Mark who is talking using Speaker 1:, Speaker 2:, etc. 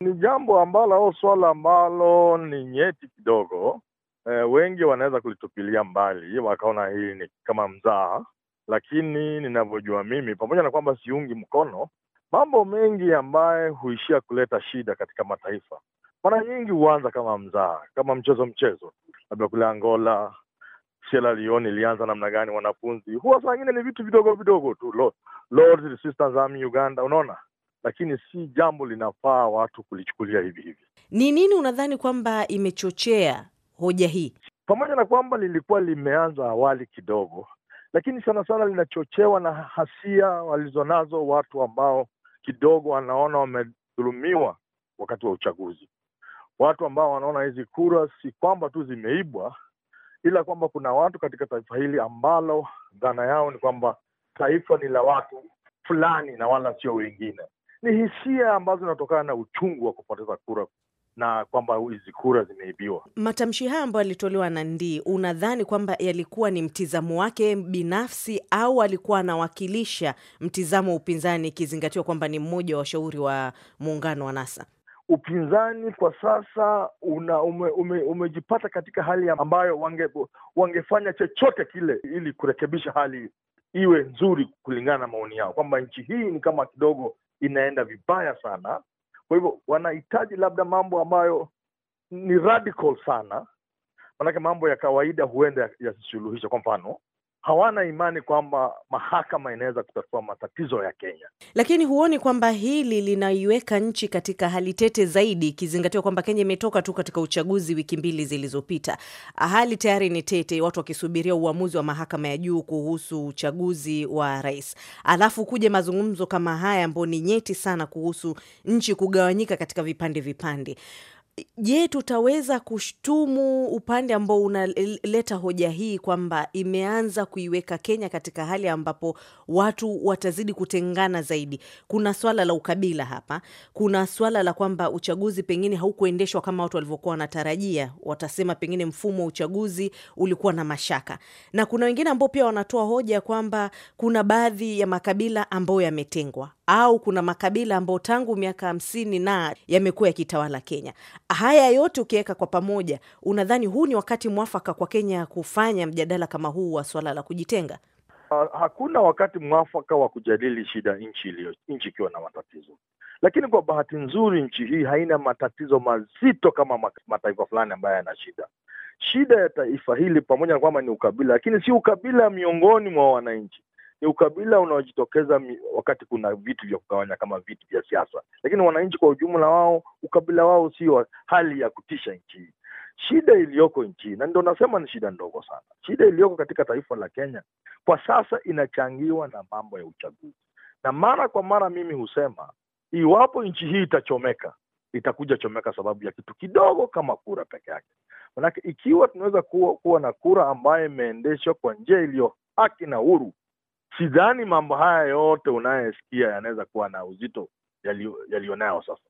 Speaker 1: Ni jambo ambalo au swala ambalo ni nyeti kidogo. E, wengi wanaweza kulitupilia mbali wakaona hili ni kama mzaha, lakini ninavyojua mimi, pamoja na kwamba siungi mkono mambo mengi ambaye huishia kuleta shida katika mataifa, mara nyingi huanza kama mzaha, kama mchezo mchezo, labda kule Angola, siela lioni ilianza namna gani? Wanafunzi huwa saa ingine ni vitu vidogo vidogo tu, Lord Resistance Army Uganda, unaona lakini si jambo linafaa watu kulichukulia hivi hivi.
Speaker 2: Ni nini unadhani kwamba imechochea hoja hii? Pamoja
Speaker 1: na kwamba lilikuwa limeanza awali kidogo, lakini sana sana linachochewa na hasia walizonazo watu ambao kidogo wanaona wamedhulumiwa wakati wa uchaguzi, watu ambao wanaona hizi kura si kwamba tu zimeibwa, ila kwamba kuna watu katika taifa hili ambalo dhana yao ni kwamba taifa ni la watu fulani na wala sio wengine ni hisia ambazo zinatokana na uchungu wa kupoteza kura na kwamba hizi kura zimeibiwa.
Speaker 2: Matamshi haya ambayo yalitolewa na Ndii, unadhani kwamba yalikuwa ni mtizamo wake binafsi au alikuwa anawakilisha mtizamo wa upinzani, ikizingatiwa kwamba ni mmoja wa washauri wa muungano wa NASA?
Speaker 1: Upinzani kwa sasa una ume, ume, umejipata katika hali ambayo wange, wangefanya chochote kile ili kurekebisha hali iwe nzuri kulingana na maoni yao kwamba nchi hii ni kama kidogo inaenda vibaya sana kwa hivyo wanahitaji labda mambo ambayo ni radical sana manake mambo ya kawaida huenda yasisuluhisha kwa mfano hawana imani kwamba mahakama inaweza kutatua matatizo ya Kenya.
Speaker 2: Lakini huoni kwamba hili linaiweka nchi katika hali tete zaidi, ikizingatiwa kwamba Kenya imetoka tu katika uchaguzi wiki mbili zilizopita? Hali tayari ni tete, watu wakisubiria uamuzi wa mahakama ya juu kuhusu uchaguzi wa rais, alafu kuje mazungumzo kama haya ambayo ni nyeti sana kuhusu nchi kugawanyika katika vipande vipande. Je, tutaweza kushtumu upande ambao unaleta hoja hii kwamba imeanza kuiweka Kenya katika hali ambapo watu watazidi kutengana zaidi? Kuna swala la ukabila hapa, kuna swala la kwamba uchaguzi pengine haukuendeshwa kama watu walivyokuwa wanatarajia. Watasema pengine mfumo wa uchaguzi ulikuwa na mashaka, na kuna wengine ambao pia wanatoa hoja kwamba kuna baadhi ya makabila ambayo yametengwa au kuna makabila ambayo tangu miaka hamsini na yamekuwa yakitawala Kenya. Haya yote ukiweka kwa pamoja, unadhani huu ni wakati mwafaka kwa Kenya kufanya mjadala kama huu wa swala la kujitenga?
Speaker 1: Hakuna wakati mwafaka wa kujadili shida nchi iliyo nchi ikiwa na matatizo, lakini kwa bahati nzuri nchi hii haina matatizo mazito kama mataifa fulani ambayo yana shida. Shida ya taifa hili pamoja na kwamba ni ukabila, lakini si ukabila miongoni mwa wananchi, ni ukabila unaojitokeza wakati kuna vitu vya kugawanya kama vitu vya siasa, lakini wananchi kwa ujumla wao, ukabila wao sio hali ya kutisha nchi hii. Shida iliyoko nchi na ndo nasema ni shida ndogo sana, shida iliyoko katika taifa la Kenya kwa sasa inachangiwa na mambo ya uchaguzi, na mara kwa mara mimi husema iwapo nchi hii itachomeka itakuja chomeka sababu ya kitu kidogo kama kura peke yake. Manake ikiwa tunaweza kuwa, kuwa na kura ambayo imeendeshwa kwa njia iliyo haki na huru, sidhani mambo haya yote unayesikia yanaweza kuwa na uzito yaliyonayo yali sasa